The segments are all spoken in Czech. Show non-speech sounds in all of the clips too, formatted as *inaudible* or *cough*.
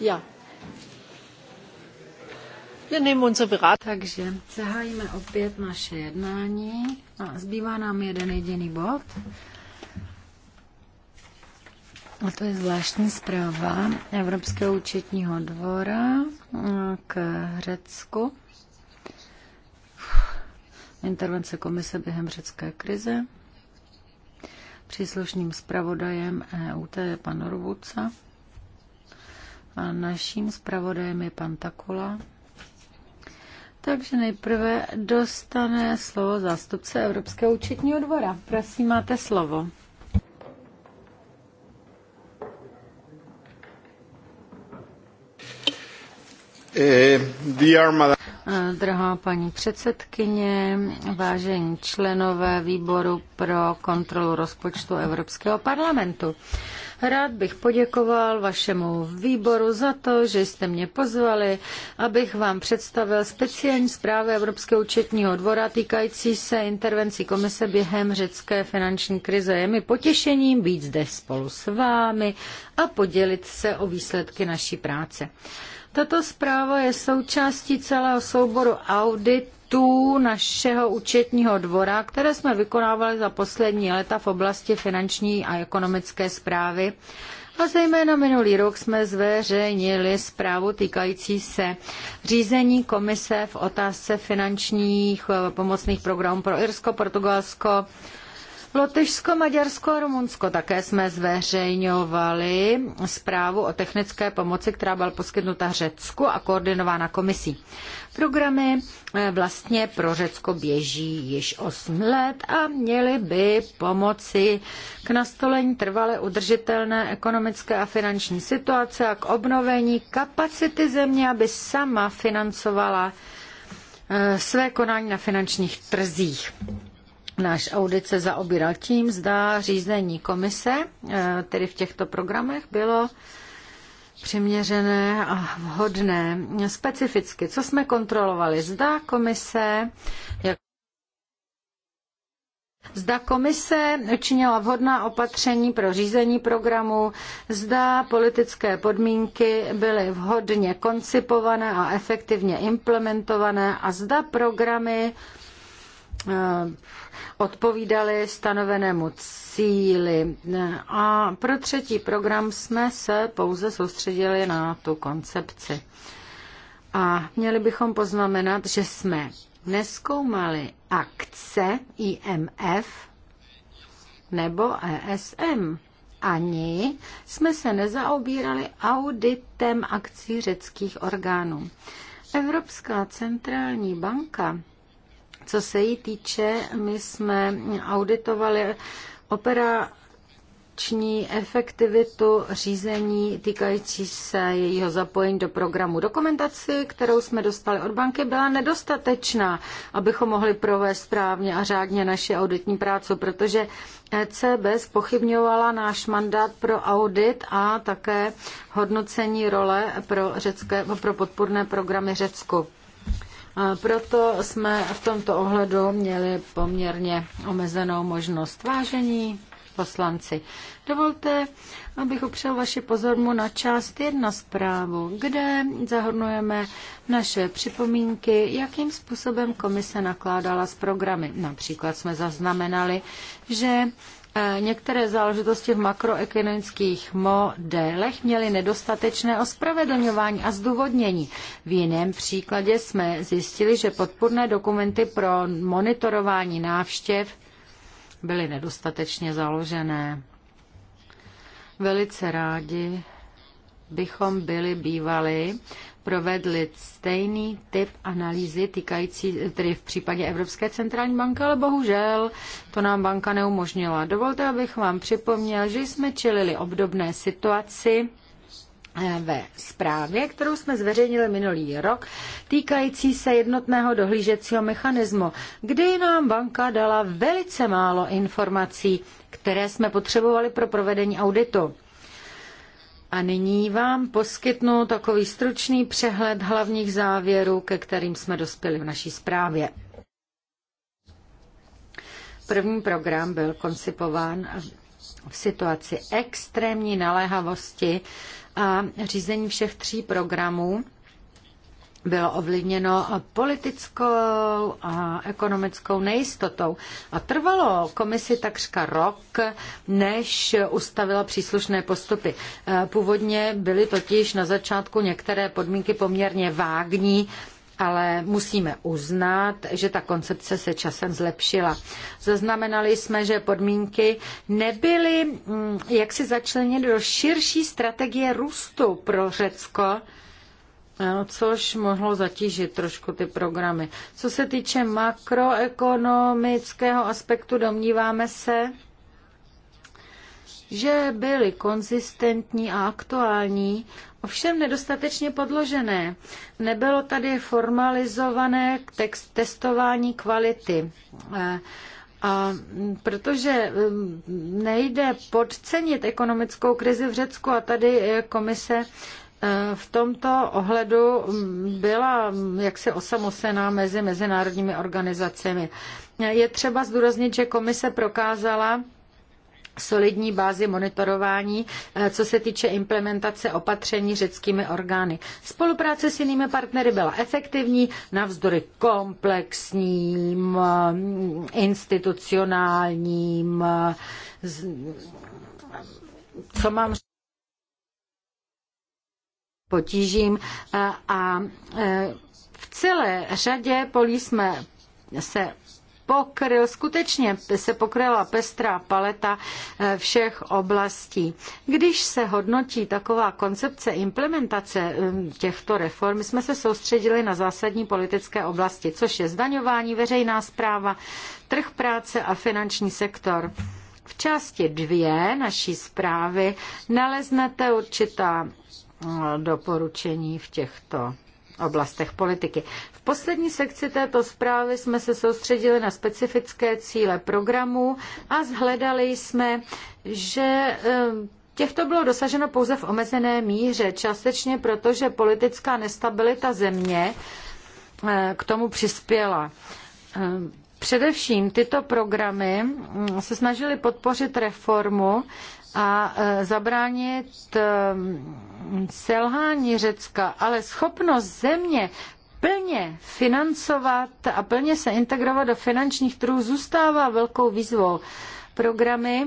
Ja. Wir nehmen unser Berat. Takže zahájíme opět naše jednání. A zbývá nám jeden jediný bod. A to je zvláštní zpráva Evropského účetního dvora eh, k Řecku. Intervence komise během řecké krize. Příslušným zpravodajem EUT je pan Orvuca a naším zpravodajem je pan Takula. Takže nejprve dostane slovo zástupce Evropského účetního dvora. Prosím, máte slovo. Eh, dear madam. Drahá paní předsedkyně, vážení členové výboru pro kontrolu rozpočtu Evropského parlamentu. Rád bych poděkoval vašemu výboru za to, že jste mě pozvali, abych vám představil speciální zprávy Evropského účetního dvora týkající se intervencí komise během řecké finanční krize. Je mi potěšením být zde spolu s vámi a podělit se o výsledky naší práce. Tato zpráva je součástí celého souboru auditů našeho účetního dvora, které jsme vykonávali za poslední léta v oblasti finanční a ekonomické zprávy. A zejména minulý rok jsme zveřejnili zprávu týkající se řízení komise v otázce finančních eh, pomocných programů pro Irsko, Portugalsko, Lotyšsko, Maďarsko a Rumunsko také jsme zveřejňovali zprávu o technické pomoci, která byla poskytnuta Řecku a koordinována komisí. Programy eh, vlastně pro Řecko běží již 8 let a měly by pomoci k nastolení trvale udržitelné ekonomické a finanční situace a k obnovení kapacity země, aby sama financovala eh, své konání na finančních trzích náš audit se zaobíral tím, zda řízení komise, eh, tedy v těchto programech, bylo přiměřené a vhodné. Specificky, co jsme kontrolovali? Zda komise, jak Zda komise činila vhodná opatření pro řízení programu, zda politické podmínky byly vhodně koncipované a efektivně implementované a zda programy Eh, odpovídaly stanovenému cíli. A pro třetí program jsme se pouze soustředili na tu koncepci. A měli bychom poznamenat, že jsme neskoumali akce IMF nebo ESM. Ani jsme se nezaobírali auditem akcí řeckých orgánů. Evropská centrální banka co se jí týče, my jsme auditovali opera operační efektivitu řízení týkající se jejího zapojení do programu. Dokumentaci, kterou jsme dostali od banky, byla nedostatečná, abychom mohli provést správně a řádně naši auditní práci, protože ECB spochybňovala náš mandát pro audit a také hodnocení role pro, řecké, pro podpůrné programy Řecku. Proto jsme v tomto ohledu měli poměrně omezenou možnost vážení poslanci. Dovolte, abych upřel vaši pozornost na část jedna zprávu, kde zahrnujeme naše připomínky, jakým způsobem komise nakládala s programy. Například jsme zaznamenali, že E, některé záležitosti v makroekonomických modelech měly nedostatečné ospravedlňování a zdůvodnění. V jiném příkladě jsme zjistili, že podpůrné dokumenty pro monitorování návštěv byly nedostatečně založené. Velice rádi bychom byli bývali provedli stejný typ analýzy týkající, tedy v případě Evropské centrální banky, ale bohužel to nám banka neumožnila. Dovolte, abych vám připomněl, že jsme čelili obdobné situaci eh, ve zprávě, kterou jsme zveřejnili minulý rok, týkající se jednotného dohlížecího mechanismu, kdy nám banka dala velice málo informací, které jsme potřebovali pro provedení auditu. A nyní vám poskytnu takový stručný přehled hlavních závěrů, ke kterým jsme dospěli v naší zprávě. První program byl koncipován v situaci extrémní naléhavosti a řízení všech tří programů bylo ovlivněno politickou a ekonomickou nejistotou. A trvalo komisi takřka rok, než ustavila příslušné postupy. E, původně byly totiž na začátku některé podmínky poměrně vágní, ale musíme uznat, že ta koncepce se časem zlepšila. Zaznamenali jsme, že podmínky nebyly mm, jaksi začleněny do širší strategie růstu pro Řecko, No, což mohlo zatížit trošku ty programy. Co se týče makroekonomického aspektu, domníváme se, že byly konzistentní a aktuální, ovšem nedostatečně podložené. Nebylo tady formalizované text testování kvality. Eh, a protože mm, nejde podcenit ekonomickou krizi v Řecku a tady komise v tomto ohledu byla jaksi osamocená mezi mezinárodními organizacemi. Je třeba zdůraznit, že komise prokázala, solidní bázi monitorování, eh, co se týče implementace opatření řeckými orgány. Spolupráce s jinými partnery byla efektivní navzdory komplexním eh, institucionálním eh, co mám potížím a e, v celé řadě polí jsme se pokryl, skutečně se pokryla pestrá paleta e, všech oblastí. Když se hodnotí taková koncepce implementace e, těchto reform, jsme se soustředili na zásadní politické oblasti, což je zdaňování, veřejná zpráva, trh práce a finanční sektor. V části dvě naší zprávy naleznete určitá doporučení v těchto oblastech politiky. V poslední sekci této zprávy jsme se soustředili na specifické cíle programu a zhledali jsme, že eh, Těchto bylo dosaženo pouze v omezené míře, částečně proto, že politická nestabilita země eh, k tomu přispěla. Eh, především tyto programy mm, se snažily podpořit reformu, a e, zabránit e, selhání Řecka, ale schopnost země plně financovat a plně se integrovat do finančních trhů zůstává velkou výzvou. Programy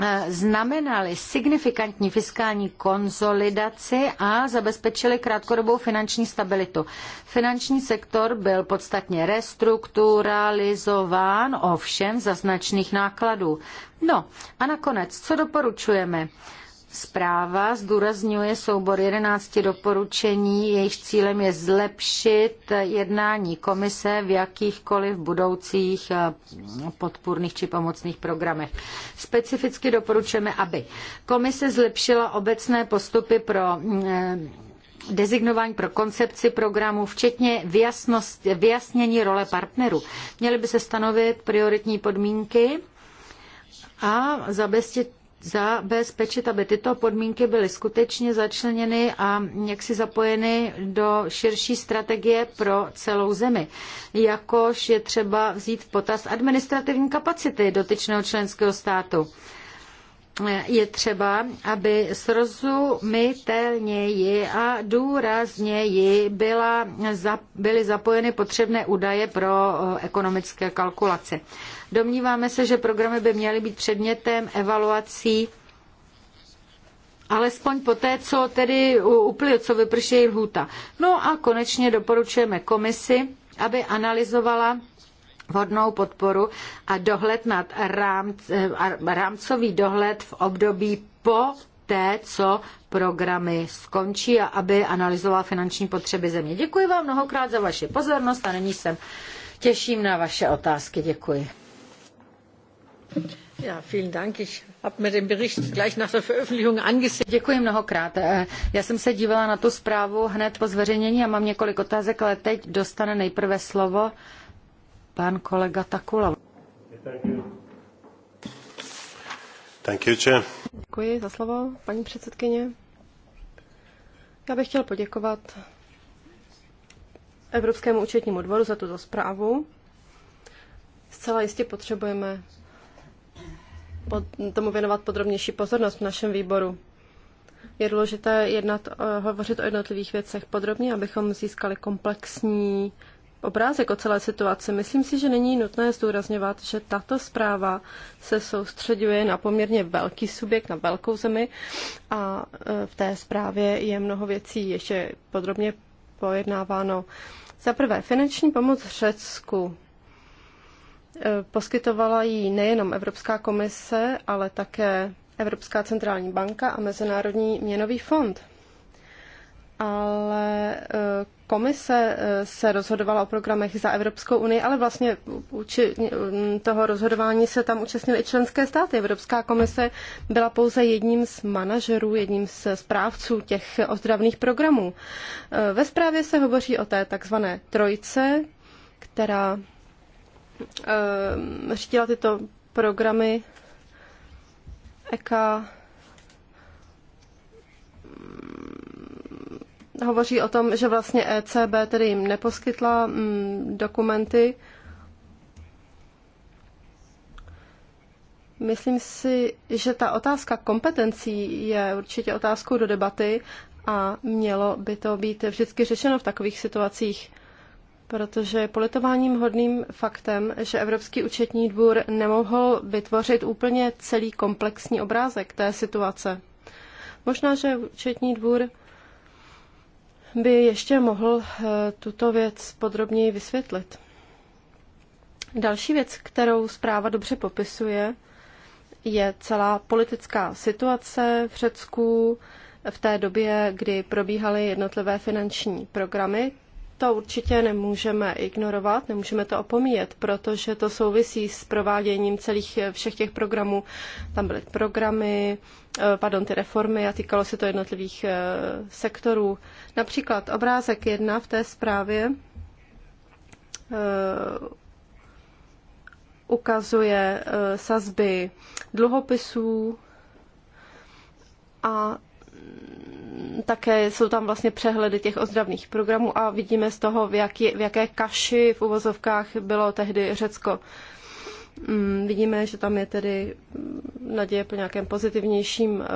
Eh, znamenaly signifikantní fiskální konsolidaci a zabezpečily krátkodobou finanční stabilitu. Finanční sektor byl podstatně restrukturalizován, ovšem za značných nákladů. No a nakonec, co doporučujeme? Zpráva zdůrazňuje soubor 11 doporučení, jejichž cílem je zlepšit jednání komise v jakýchkoliv budoucích eh, podpůrných či pomocných programech. Specificky doporučujeme, aby komise zlepšila obecné postupy pro eh, designování pro koncepci programu, včetně vyjasnost, vyjasnění role partnerů. Měly by se stanovit prioritní podmínky a zabezpečit zabezpečit, aby tyto podmínky byly skutečně začleněny a jaksi zapojeny do širší strategie pro celou zemi. Jakož je třeba vzít v potaz administrativní kapacity dotyčného členského státu je třeba, aby srozumitelněji a důrazněji byla, byly zapojeny potřebné údaje pro eh, ekonomické kalkulace. Domníváme se, že programy by měly být předmětem evaluací alespoň po té, co tedy uplyl, co vyprší lhůta. No a konečně doporučujeme komisi, aby analyzovala vhodnou podporu a dohled nad rámc, rámcový dohled v období po té, co programy skončí a aby analyzoval finanční potřeby země. Děkuji vám mnohokrát za vaši pozornost a nyní jsem těším na vaše otázky. Děkuji. Ja, vielen Dank. Ich habe mir den Bericht gleich nach der Veröffentlichung angesehen. Děkuji mnohokrát. Eh, já jsem se dívala na tu zprávu hned po zveřejnění a mám několik otázek, ale teď dostane nejprve slovo Pan kolega Takula. Thank you, you, Děkuji za slovo, paní předsedkyně. Já bych chtěl poděkovat Evropskému účetnímu dvoru za tuto zprávu. Zcela jistě potřebujeme pod, tomu věnovat podrobnější pozornost v našem výboru. Je důležité jednat, eh, hovořit o jednotlivých věcech podrobně, abychom získali komplexní obrázek o celé situaci, myslím si, že není nutné zdůrazňovat, že tato zpráva se soustředuje na poměrně velký subjekt, na velkou zemi a e, v té zprávě je mnoho věcí ještě podrobně pojednáváno. Za prvé, finanční pomoc Řecku. E, poskytovala ji nejenom Evropská komise, ale také Evropská centrální banka a Mezinárodní měnový fond ale eh, komise eh, se rozhodovala o programech za Evropskou unii, ale vlastně mm, toho rozhodování se tam účastnily i členské státy. Evropská komise byla pouze jedním z manažerů, jedním z správců těch ozdravných programů. Eh, ve zprávě se hovoří o té takzvané trojce, která řídila tyto programy EKA, hovoří o tom, že vlastně ECB tedy jim neposkytla mm, dokumenty. Myslím si, že ta otázka kompetencí je určitě otázkou do debaty a mělo by to být vždycky řešeno v takových situacích, protože je politováním hodným faktem, že Evropský účetní dvůr nemohl vytvořit úplně celý komplexní obrázek té situace. Možná, že účetní dvůr by ještě mohl eh, tuto věc podrobněji vysvětlit. Další věc, kterou zpráva dobře popisuje, je celá politická situace v Řecku v té době, kdy probíhaly jednotlivé finanční programy. To určitě nemůžeme ignorovat, nemůžeme to opomíjet, protože to souvisí s prováděním celých eh, všech těch programů. Tam byly programy, Eh, pardon, ty reformy a týkalo se to jednotlivých eh, sektorů. Například obrázek jedna v té zprávě eh, ukazuje sazby dluhopisů a mm, také jsou tam vlastně přehledy těch ozdravných programů a vidíme z toho, v, jaký, v jaké kaši v uvozovkách bylo tehdy Řecko. Uh, Mm, vidíme, že tam je tedy naděje po nějakém pozitivnějším eh,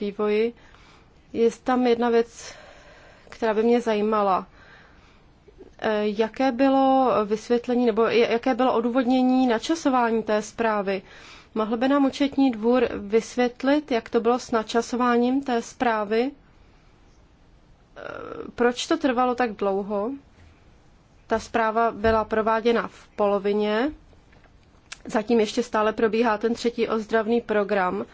vývoji. Je tam jedna věc, která by mě zajímala. Eh, jaké bylo vysvětlení nebo jaké bylo odůvodnění načasování té zprávy? Mohl by nám účetní dvůr vysvětlit, jak to bylo s načasováním té zprávy? Eh, proč to trvalo tak dlouho? Ta zpráva byla prováděna v polovině Zatím ještě stále probíhá ten třetí ozdravný program.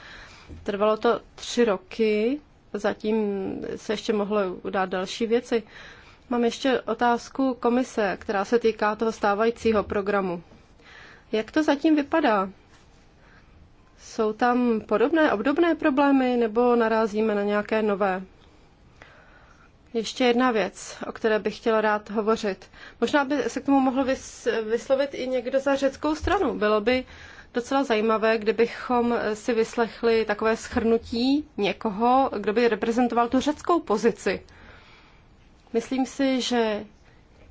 Trvalo to tři roky, zatím se ještě mohlo udát další věci. Mám ještě otázku komise, která se týká toho stávajícího programu. Jak to zatím vypadá? Jsou tam podobné, obdobné problémy nebo narazíme na nějaké nové? Ještě jedna věc, o které bych chtěla rád hovořit. Možná by se k tomu mohl vyslovit i někdo za řeckou stranu. Bylo by docela zajímavé, kdybychom si vyslechli takové schrnutí někoho, kdo by reprezentoval tu řeckou pozici. Myslím si, že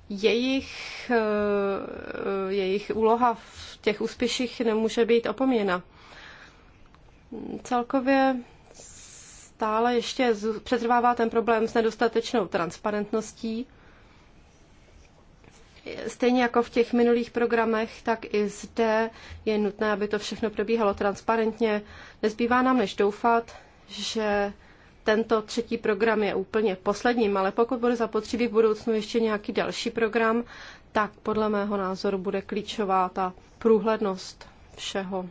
jejich, eh, jejich úloha v těch úspěších nemůže být opomíjena. Celkově stále ještě přetrvává ten problém s nedostatečnou transparentností. Stejně jako v těch minulých programech, tak i zde je nutné, aby to všechno probíhalo transparentně. Nezbývá nám než doufat, že tento třetí program je úplně posledním, ale pokud bude zapotřebí v budoucnu ještě nějaký další program, tak podle mého názoru bude klíčová ta průhlednost všeho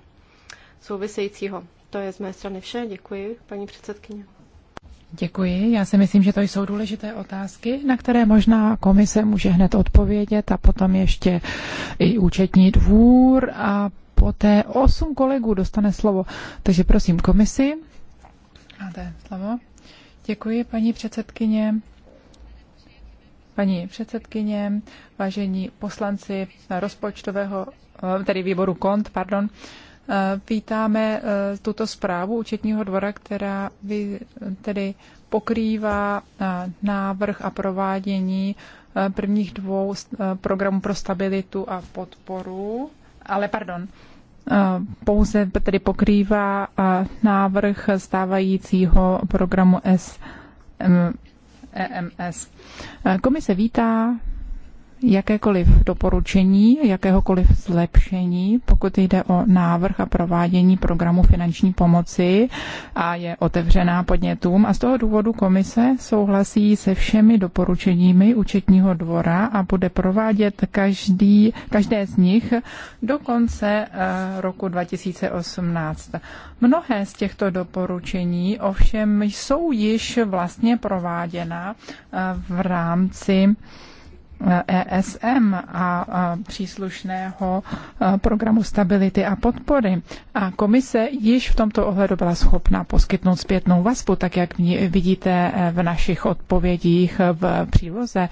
souvisejícího. To je z mé strany vše. Děkuji, paní předsedkyně. Děkuji. Já si myslím, že to jsou důležité otázky, na které možná komise může hned odpovědět a potom ještě i účetní dvůr a poté osm kolegů dostane slovo. Takže prosím komisi. Máte slovo. Děkuji, paní předsedkyně. Paní předsedkyně, vážení poslanci rozpočtového, tedy výboru KONT, pardon, uh, vítáme eh, tuto zprávu účetního dvora, která vy, tedy pokrývá eh, návrh a provádění eh, prvních dvou programů pro stabilitu a podporu, ale pardon, pouze tedy pokrývá návrh stávajícího programu S, EMS. Komise vítá jakékoliv doporučení, jakéhokoliv zlepšení, pokud jde o návrh a provádění programu finanční pomoci a je otevřená podnětům. A z toho důvodu komise souhlasí se všemi doporučeními účetního dvora a bude provádět každý, každé z nich do konce eh, roku 2018. Mnohé z těchto doporučení ovšem jsou již vlastně prováděna eh, v rámci ESM a příslušného programu stability a podpory. A komise již v tomto ohledu byla schopna poskytnout zpětnou vazbu, tak jak vidíte e, v našich odpovědích e, v příloze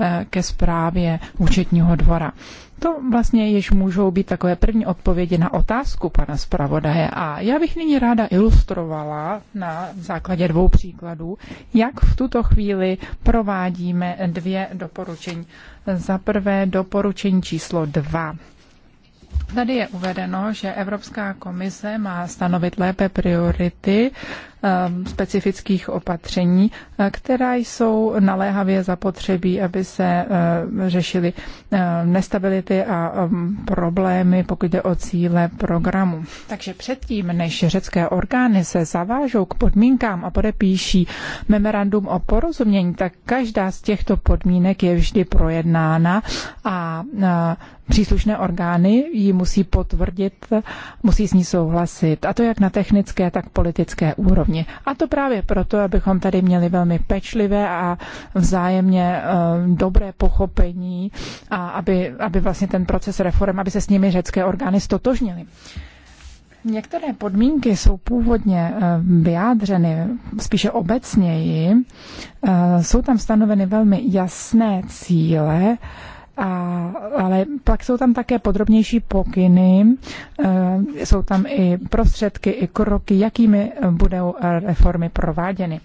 e, ke zprávě účetního dvora. To vlastně již můžou být takové první odpovědi na otázku pana zpravodaje. A já bych nyní ráda ilustrovala na základě dvou příkladů, jak v tuto chvíli provádíme dvě doporučení. Za prvé doporučení číslo dva. Tady je uvedeno, že Evropská komise má stanovit lépe priority Um, specifických opatření, uh, která jsou naléhavě zapotřebí, aby se uh, řešily uh, nestability a um, problémy, pokud jde o cíle programu. Takže předtím, než řecké orgány se zavážou k podmínkám a podepíší memorandum o porozumění, tak každá z těchto podmínek je vždy projednána a příslušné orgány ji musí potvrdit, musí s ní souhlasit, a to jak na technické, tak politické úrovni úrovni. A to právě proto, abychom tady měli velmi pečlivé a vzájemně eh, dobré pochopení a aby, aby vlastně ten proces reform, aby se s nimi řecké orgány stotožnily. Některé podmínky jsou původně eh, vyjádřeny spíše obecněji. Eh, jsou tam stanoveny velmi jasné cíle, a, ale pak jsou tam také podrobnější pokyny, eh, jsou tam i prostředky, i kroky, jakými budou reformy prováděny.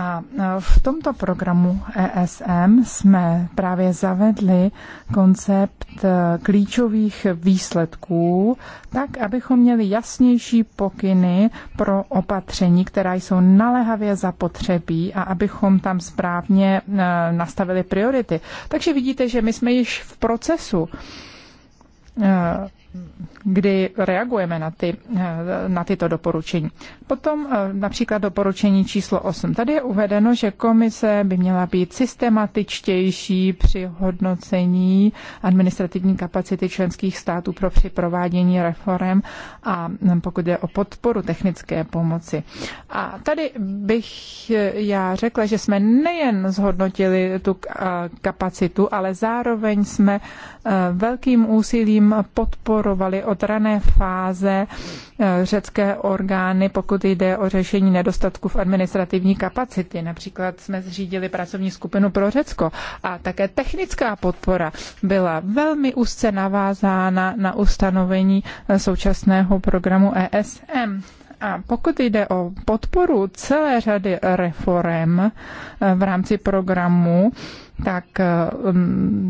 A e, v tomto programu ESM jsme právě zavedli koncept e, klíčových výsledků, tak abychom měli jasnější pokyny pro opatření, která jsou naléhavě zapotřebí a abychom tam správně e, nastavili priority. Takže vidíte, že my jsme již v procesu kdy reagujeme na, ty, na tyto doporučení. Potom eh, například doporučení číslo 8. Tady je uvedeno, že komise by měla být systematičtější při hodnocení administrativní kapacity členských států pro při provádění reform a pokud je o podporu technické pomoci. A tady bych eh, já řekla, že jsme nejen zhodnotili tu eh, kapacitu, ale zároveň jsme velkým úsilím podporu podporovali od rané fáze eh, řecké orgány, pokud jde o řešení nedostatku v administrativní kapacity. Například jsme zřídili pracovní skupinu pro Řecko a také technická podpora byla velmi úzce navázána na ustanovení eh, současného programu ESM. A pokud jde o podporu celé řady reform eh, v rámci programu, tak eh,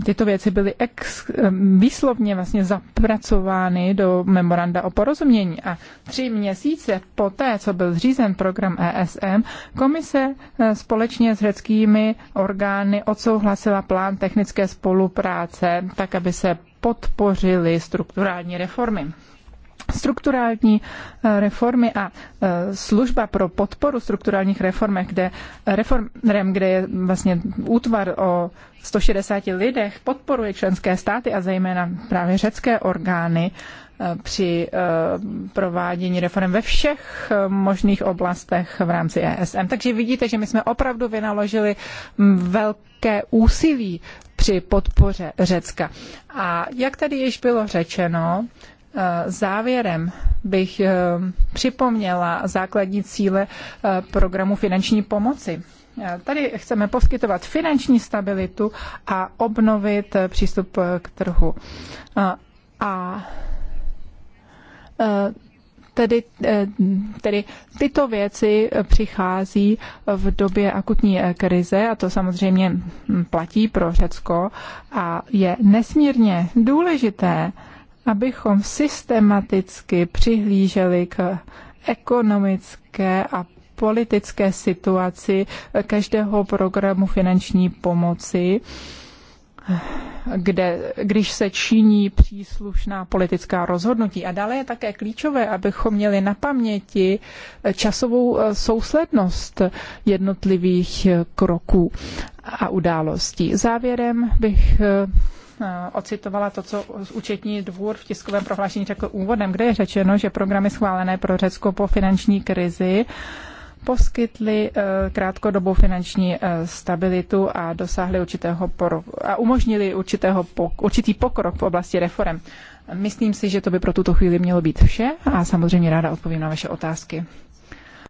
tyto věci byly ex, eh, výslovně vlastně zapracovány do memoranda o porozumění. A tři měsíce poté, co byl zřízen program ESM, komise společně s řeckými orgány odsouhlasila plán technické spolupráce, tak aby se podpořily strukturální reformy strukturální eh, reformy a eh, služba pro podporu strukturálních reform, kde, reform, kde je vlastně útvar o 160 lidech, podporuje členské státy a zejména právě řecké orgány eh, při provádění reform ve všech možných oblastech v rámci ESM. Takže vidíte, že my jsme opravdu vynaložili velké úsilí při podpoře Řecka. A jak tady již bylo řečeno, Eh, závěrem bych eh, připomněla základní cíle eh, programu finanční pomoci. Tady chceme poskytovat finanční stabilitu a obnovit přístup k trhu. A, a tedy, tedy tyto věci přichází v době akutní krize a to samozřejmě hm, platí pro Řecko a je nesmírně důležité, abychom systematicky přihlíželi k ekonomické a politické situaci každého programu finanční pomoci, kde, když se činí příslušná politická rozhodnutí. A dále je také klíčové, abychom měli na paměti časovou souslednost jednotlivých kroků a událostí. Závěrem bych Eh, ocitovala to, co účetní dvůr v tiskovém prohlášení řekl úvodem, kde je řečeno, že programy schválené pro Řecko po finanční krizi poskytly eh, krátkodobou finanční eh, stabilitu a dosáhly určitého poru, a umožnili určitého pok- určitý pokrok v oblasti reform. Myslím si, že to by pro tuto chvíli mělo být vše a samozřejmě ráda odpovím na vaše otázky.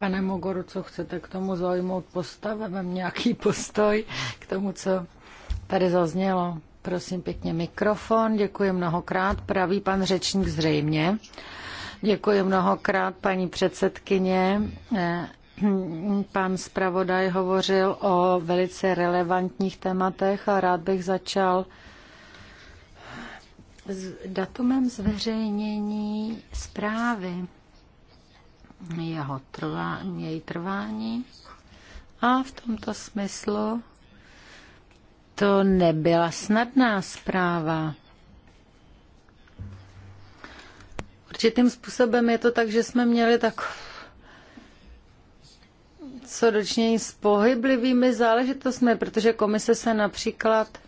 Pane Mogoru, co chcete k tomu zaujmout postavem? Mám nějaký postoj k tomu, co tady zaznělo? Prosím pěkně mikrofon, děkuji mnohokrát, pravý pan řečník zřejmě. Děkuji mnohokrát, paní předsedkyně. Eh, *clears throat* pan zpravodaj hovořil o velice relevantních tématech a rád bych začal s datumem zveřejnění zprávy, jeho trvání, její trvání. A v tomto smyslu to nebyla snadná zpráva. Určitým způsobem je to tak, že jsme měli tak co dočnění s pohyblivými záležitostmi, protože komise se například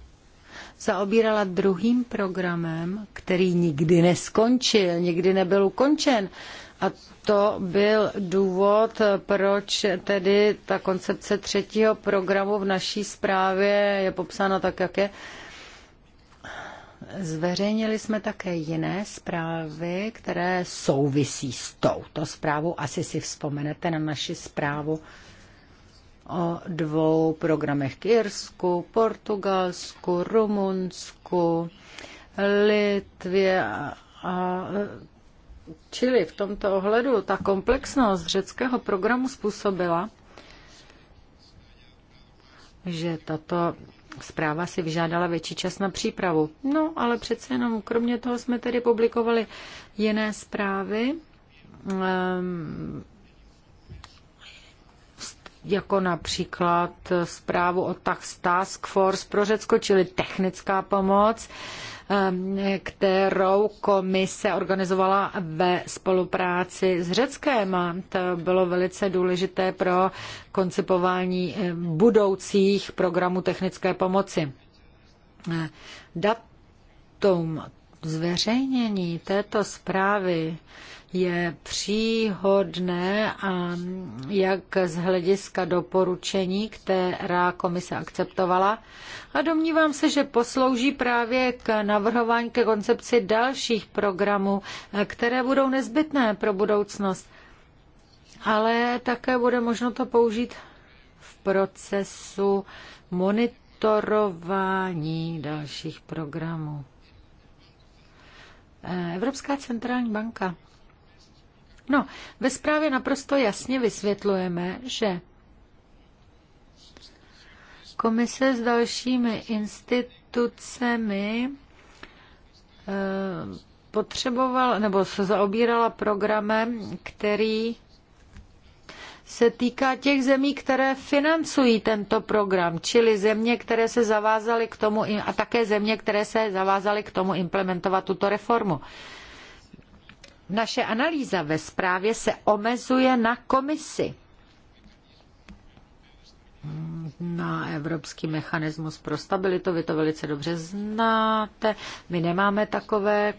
zaobírala druhým programem, který nikdy neskončil, nikdy nebyl ukončen. A to byl důvod, proč tedy ta koncepce třetího programu v naší zprávě je popsána tak, jak je. Zveřejnili jsme také jiné zprávy, které souvisí s touto zprávou. Asi si vzpomenete na naši zprávu o dvou programech k Irsku, Portugalsku, Rumunsku, Litvě a Čili v tomto ohledu ta komplexnost řeckého programu způsobila, že tato zpráva si vyžádala větší čas na přípravu. No, ale přece jenom kromě toho jsme tedy publikovali jiné zprávy, ehm, jako například zprávu o Tax Task Force pro Řecko, čili technická pomoc, Ehm, kterou komise organizovala ve spolupráci s Řeckém. To bylo velice důležité pro koncipování eh, budoucích programů technické pomoci. Ehm, datum zveřejnění této zprávy je příhodné a jak z hlediska doporučení, která komise akceptovala. A domnívám se, že poslouží právě k navrhování ke koncepci dalších programů, které budou nezbytné pro budoucnost. Ale také bude možno to použít v procesu monitorování dalších programů. Eh, Evropská centrální banka. No, ve zprávě naprosto jasně vysvětlujeme, že komise s dalšími institucemi eh, potřebovala nebo se zaobírala programem, který se týká těch zemí, které financují tento program, čili země, které se zavázaly k tomu a také země, které se zavázaly k tomu implementovat tuto reformu. Naše analýza ve zprávě se omezuje na komisi na evropský mechanismus pro stabilitu. Vy to velice dobře znáte. My nemáme takové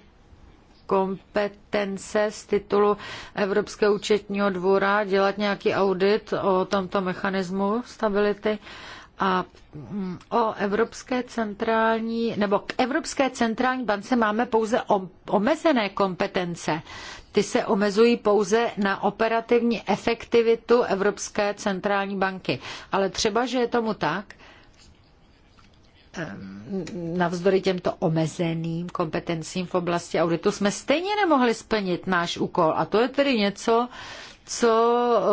kompetence z titulu Evropského účetního dvora dělat nějaký audit o tomto mechanismu stability a mm, o Evropské centrální, nebo k Evropské centrální bance máme pouze omezené kompetence. Ty se omezují pouze na operativní efektivitu Evropské centrální banky. Ale třeba, že je tomu tak, Ehm, navzdory těmto omezeným kompetencím v oblasti auditu jsme stejně nemohli splnit náš úkol. A to je tedy něco, co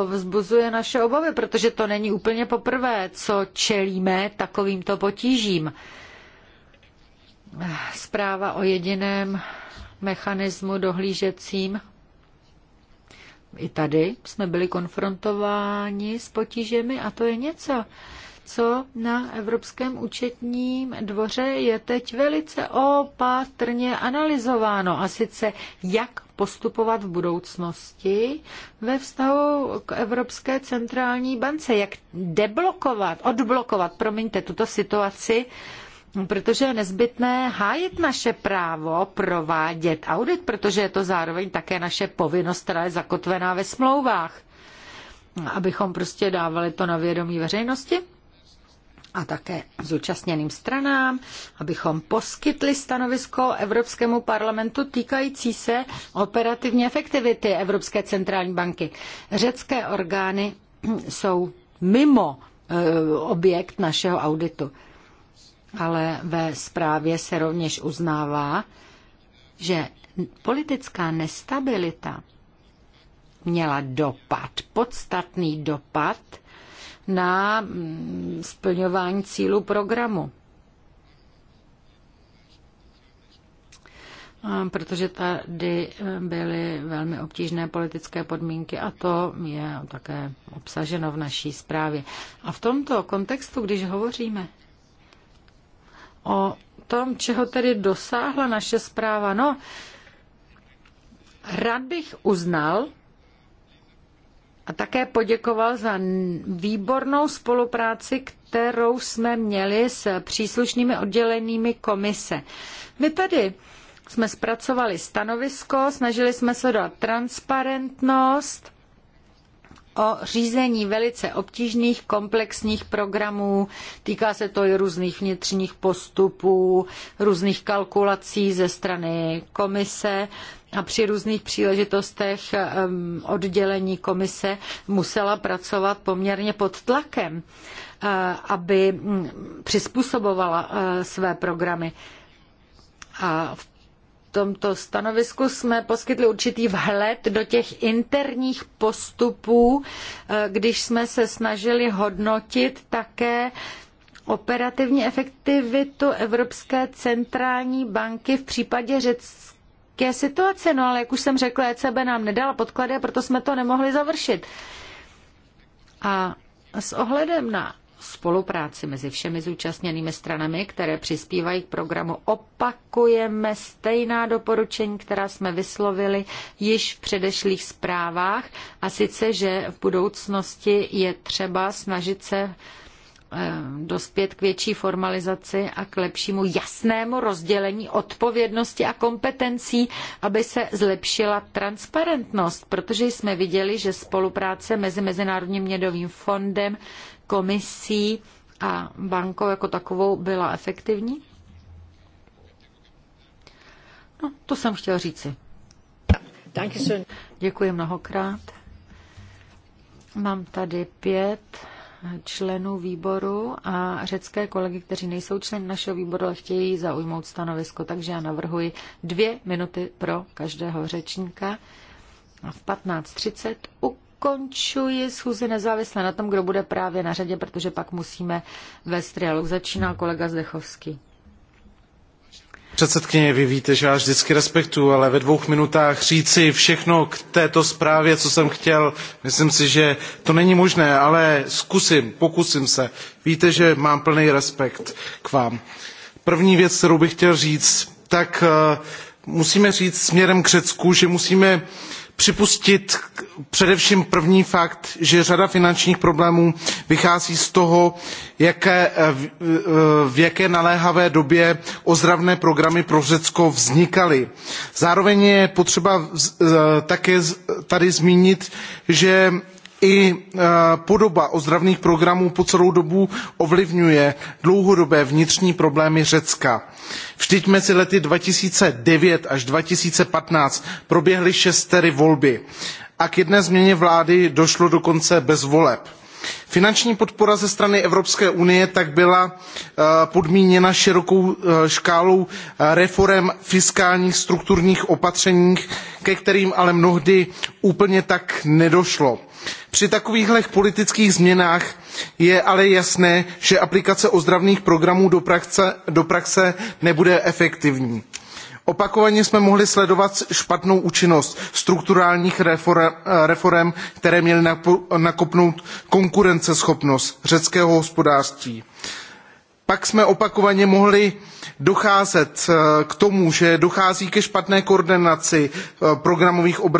vzbuzuje naše obavy, protože to není úplně poprvé, co čelíme takovýmto potížím. Zpráva o jediném mechanismu dohlížecím. I tady jsme byli konfrontováni s potížemi a to je něco, co na Evropském účetním dvoře je teď velice opatrně analyzováno, a sice jak postupovat v budoucnosti ve vztahu k Evropské centrální bance, jak deblokovat, odblokovat, promiňte, tuto situaci, Protože je nezbytné hájit naše právo provádět audit, protože je to zároveň také naše povinnost, která je zakotvená ve smlouvách. Abychom prostě dávali to na vědomí veřejnosti a také zúčastněným stranám, abychom poskytli stanovisko Evropskému parlamentu týkající se operativní efektivity Evropské centrální banky. Řecké orgány *clears throat* jsou mimo eh, objekt našeho auditu. Ale ve zprávě se rovněž uznává, že politická nestabilita měla dopad, podstatný dopad na mm, splňování cílu programu. Protože tady eh, byly velmi obtížné politické podmínky a to je také obsaženo v naší zprávě. A v tomto kontextu, když hovoříme o tom, čeho tedy dosáhla naše zpráva, no, rád bych uznal, a také poděkoval za výbornou spolupráci, kterou jsme měli s příslušnými odděleními komise. My tedy jsme zpracovali stanovisko, snažili jsme se dát transparentnost o řízení velice obtížných komplexních programů. Týká se to i různých vnitřních postupů, různých kalkulací ze strany komise a při různých příležitostech oddělení komise musela pracovat poměrně pod tlakem, eh, aby mm, přizpůsobovala eh, své programy. A v tomto stanovisku jsme poskytli určitý vhled do těch interních postupů, eh, když jsme se snažili hodnotit také operativní efektivitu Evropské centrální banky v případě Řecka jaké situace, no ale jak už jsem řekla, ECB nám nedala podklady a proto jsme to nemohli završit. A s ohledem na spolupráci mezi všemi zúčastněnými stranami, které přispívají k programu. Opakujeme stejná doporučení, která jsme vyslovili již v předešlých zprávách, a sice, že v budoucnosti je třeba snažit se Eh, dospět k větší formalizaci a k lepšímu jasnému rozdělení odpovědnosti a kompetencí, aby se zlepšila transparentnost, protože jsme viděli, že spolupráce mezi Mezinárodním měnovým fondem, komisí a bankou jako takovou byla efektivní? No, to jsem chtěla říci. Děkuji mnohokrát. Mám tady pět členů výboru a řecké kolegy, kteří nejsou členy našeho výboru, ale chtějí zaujmout stanovisko. Takže já navrhuji dvě minuty pro každého řečníka. A v 15.30 ukončuji schůzi nezávisle na tom, kdo bude právě na řadě, protože pak musíme vést trialog. Začíná kolega Zdechovský předsedkyně, vy víte, že já vždycky respektuju, ale ve dvou minutách říci všechno k této zprávě, co jsem chtěl, myslím si, že to není možné, ale zkusím, pokusím se. Víte, že mám plný respekt k vám. První věc, kterou bych chtěl říct, tak uh, musíme říct směrem k Řecku, že musíme uh, připustit především první fakt že řada finančních problémů vychází z toho jaké, eh, eh, v jaké naléhavé době ozdravné programy pro řecko vznikaly. zároveň je potřeba eh, také tady zmínit že i e, podoba ozdravných programů po celou dobu ovlivňuje dlouhodobé vnitřní problémy Řecka. Vždyť mezi lety 2009 až 2015 proběhly šestery volby a k jedné změně vlády došlo dokonce bez voleb. Finanční podpora ze strany Evropské unie tak byla e, podmíněna širokou e, škálou reforem fiskálních strukturních opatření, ke kterým ale mnohdy úplně tak nedošlo při takovýchto politických změnách je ale jasné že aplikace ozdravných programů do praxe, do praxe nebude efektivní. opakovaně jsme mohli sledovat špatnou účinnost strukturálních reforem které měly nakopnout konkurenceschopnost řeckého hospodářství pak jsme opakovaně mohli docházet eh, k tomu že dochází ke špatné koordinaci eh, programových eh,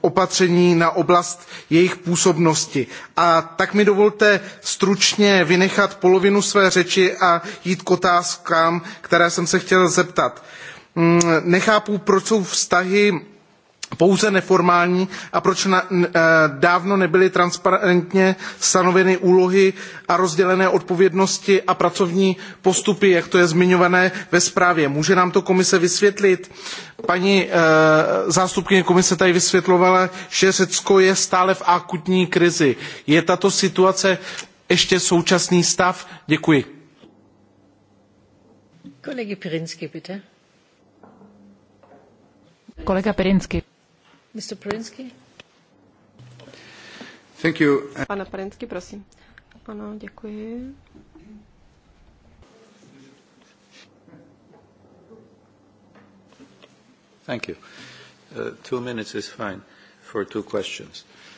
opatření na oblast jejich působnosti a tak mi dovolte stručně vynechat polovinu své řeči a jít k otázkám které jsem se chtěl zeptat. Mm, nechápu proč jsou vztahy pouze neformální a proč na, e, dávno nebyly transparentně stanoveny úlohy a rozdělené odpovědnosti a pracovní postupy, jak to je zmiňované ve zprávě. Může nám to komise vysvětlit? Paní e, zástupkyně komise tady vysvětlovala, že Řecko je stále v akutní krizi. Je tato situace ještě současný stav? Děkuji. Kolegy Pirinsky, bitte. Kolega Pirinsky děkuji.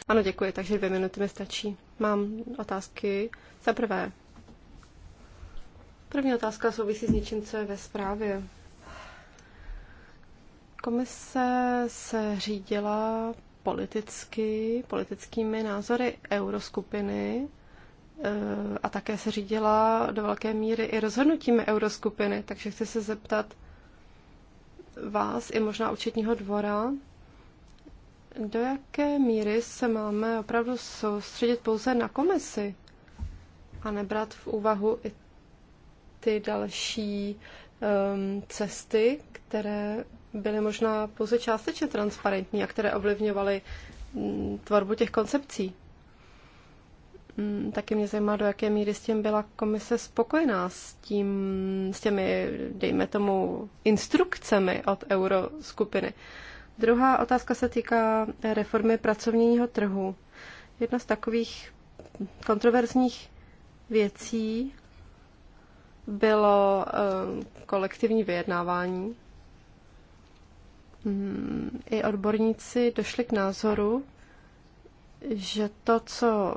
Ano, děkuji, takže dvě minuty mi stačí. Mám otázky. Za prvé, první otázka souvisí s něčím, co je ve zprávě. Komise se řídila politicky, politickými názory euroskupiny eh, a také se řídila do velké míry i rozhodnutími euroskupiny, takže chci se zeptat vás i možná účetního dvora, do jaké míry se máme opravdu soustředit pouze na komisi a nebrat v úvahu i ty další um, cesty, které byly možná pouze částečně transparentní a které ovlivňovaly mm, tvorbu těch koncepcí. Mm, taky mě zajímá, do jaké míry s tím byla komise spokojená s, tím, s těmi, dejme tomu, instrukcemi od euroskupiny. Druhá otázka se týká reformy pracovního trhu. Jedna z takových kontroverzních věcí bylo eh, kolektivní vyjednávání Mm, i odborníci došli k názoru, že to, co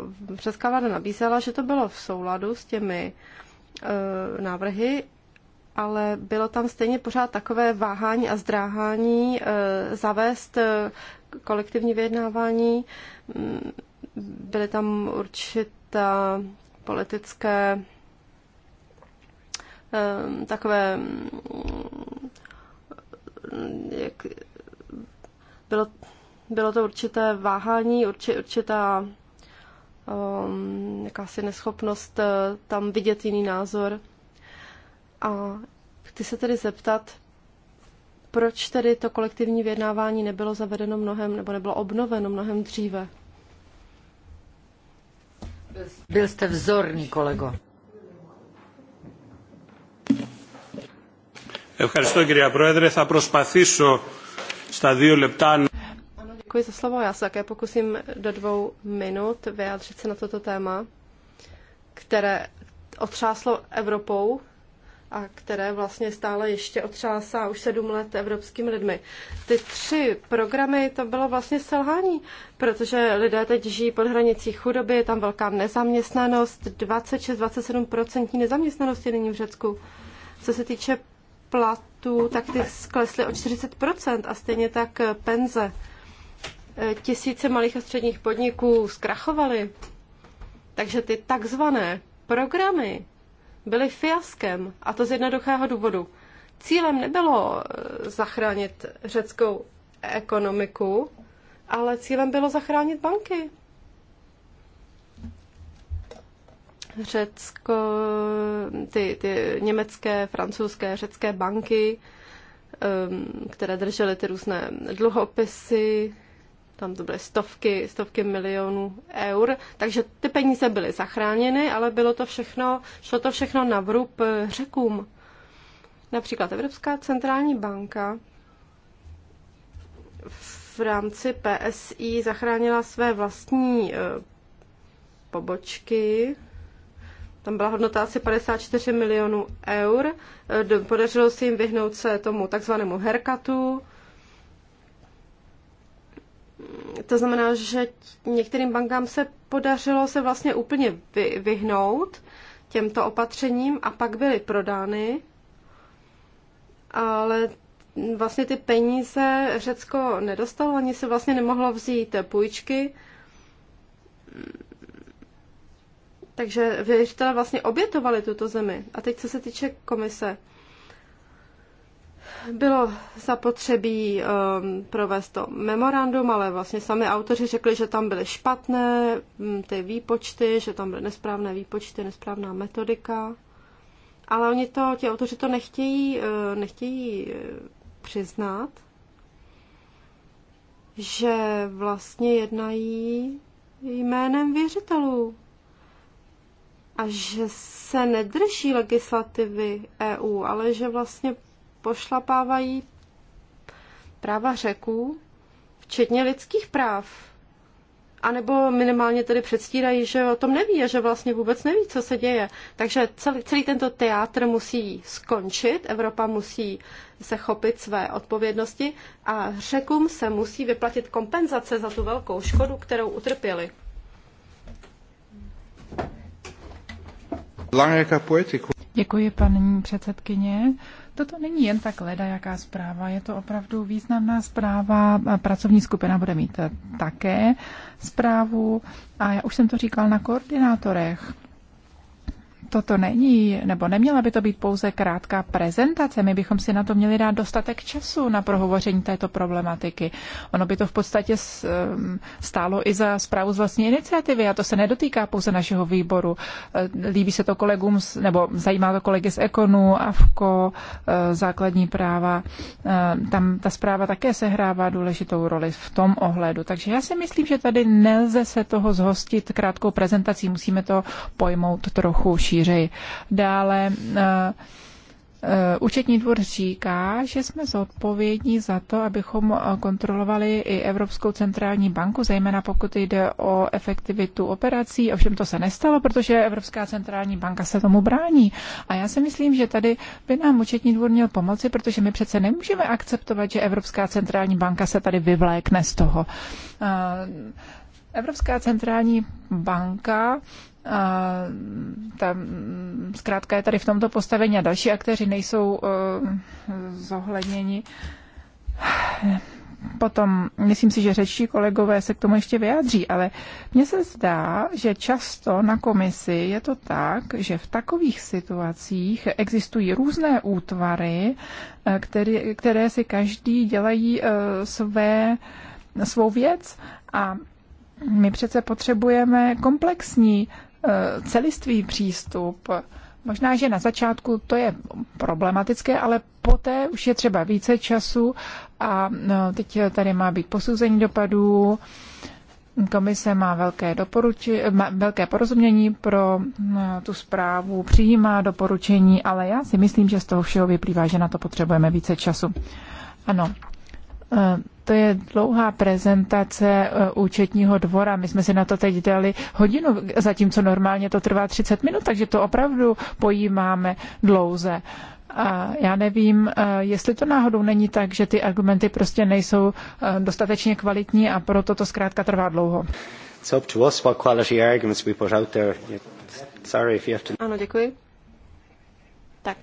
vláda nabízela, že to bylo v souladu s těmi e, návrhy, ale bylo tam stejně pořád takové váhání a zdráhání e, zavést e, kolektivní vyjednávání. Mm, byly tam určitá politické e, takové mm, jak, bylo, bylo to určité váhání, urči, určitá um, jakási neschopnost uh, tam vidět jiný názor. A chci se tedy zeptat, proč tedy to kolektivní vyjednávání nebylo zavedeno mnohem, nebo nebylo obnoveno mnohem dříve? Byl jste vzorný, kolego. Ευχαριστώ κυρία Πρόεδρε. Θα προσπαθήσω στα δύο λεπτά děkuji za slovo. Já se také pokusím do dvou minut vyjádřit se na toto téma, které otřáslo Evropou a které vlastně stále ještě otřásá už sedm let evropskými lidmi. Ty tři programy, to bylo vlastně selhání, protože lidé teď žijí pod hranicí chudoby, je tam velká nezaměstnanost, 26-27% nezaměstnanost není v Řecku. Co se týče platů, tak ty sklesly o 40% a stejně tak penze. E, tisíce malých a středních podniků zkrachovaly. Takže ty takzvané programy byly fiaskem a to z jednoduchého důvodu. Cílem nebylo e, zachránit řeckou ekonomiku, ale cílem bylo zachránit banky. Řecko, ty, ty německé, francouzské, řecké banky, které držely ty různé dluhopisy, tam to byly stovky, stovky milionů eur, takže ty peníze byly zachráněny, ale bylo to všechno, šlo to všechno na vrub eh, řekům. Například Evropská centrální banka v rámci PSI zachránila své vlastní eh, pobočky tam byla hodnota asi 54 milionů eur. Eh, podařilo se jim vyhnout se tomu takzvanému herkatu. To znamená, že některým bankám se podařilo se vlastně úplně vyhnout těmto opatřením a pak byly prodány. Ale vlastně ty peníze Řecko nedostalo, ani se vlastně nemohlo vzít půjčky takže věřitelé vlastně obětovali tuto zemi. A teď, co se týče komise, bylo zapotřebí um, provést to memorandum, ale vlastně sami autoři řekli, že tam byly špatné mm, ty výpočty, že tam byly nesprávné výpočty, nesprávná metodika. Ale oni to, ti autoři to nechtějí, uh, nechtějí uh, přiznat, že vlastně jednají jménem věřitelů a že se nedrží legislativy EU, ale že vlastně pošlapávají práva řeků, včetně lidských práv. A nebo minimálně tedy předstírají, že o tom neví a že vlastně vůbec neví, co se děje. Takže celý, celý tento teátr musí skončit, Evropa musí se chopit své odpovědnosti a řekům se musí vyplatit kompenzace za tu velkou škodu, kterou utrpěli. Děkuji, paní předsedkyně. Toto není jen tak leda, jaká zpráva. Je to opravdu významná zpráva. Pracovní skupina bude mít eh, také zprávu. A já už jsem to říkal na koordinátorech toto není, nebo neměla by to být pouze krátká prezentace. My bychom si na to měli dát dostatek času na prohovoření této problematiky. Ono by to v podstatě stálo i za zprávu z vlastní iniciativy a to se nedotýká pouze našeho výboru. E, líbí se to kolegům, nebo zajímá to kolegy z Ekonu, AFKO, e, základní práva. E, tam ta zpráva také sehrává důležitou roli v tom ohledu. Takže já si myslím, že tady nelze se toho zhostit krátkou prezentací. Musíme to pojmout trochu šíř šířeji. Dále eh, eh, Účetní dvůr říká, že jsme zodpovědní za to, abychom eh, kontrolovali i Evropskou centrální banku, zejména pokud jde o efektivitu operací. Ovšem to se nestalo, protože Evropská centrální banka se tomu brání. A já si myslím, že tady by nám účetní dvůr měl pomoci, protože my přece nemůžeme akceptovat, že Evropská centrální banka se tady vyvlékne z toho. Evropská centrální banka ta, zkrátka je tady v tomto postavení a další aktéři nejsou eh, zohledněni. Potom, myslím si, že řečtí kolegové se k tomu ještě vyjádří, ale mně se zdá, že často na komisi je to tak, že v takových situacích existují různé útvary, eh, které, které si každý dělají eh, své, svou věc a my přece potřebujeme komplexní Eh, celistvý přístup. Možná, že na začátku to je problematické, ale poté už je třeba více času a no, teď tady má být posouzení dopadů. Komise má velké, doporuči, má velké porozumění pro no, tu zprávu, přijímá doporučení, ale já si myslím, že z toho všeho vyplývá, že na to potřebujeme více času. Ano, Eh, to je dlouhá prezentace eh, účetního dvora. My jsme si na to teď dali hodinu, zatímco normálně to trvá 30 minut, takže to opravdu pojímáme dlouze. A já nevím, eh, jestli to náhodou není tak, že ty argumenty prostě nejsou dostatečně kvalitní a proto to zkrátka trvá dlouho. Ano, děkuji. Tak,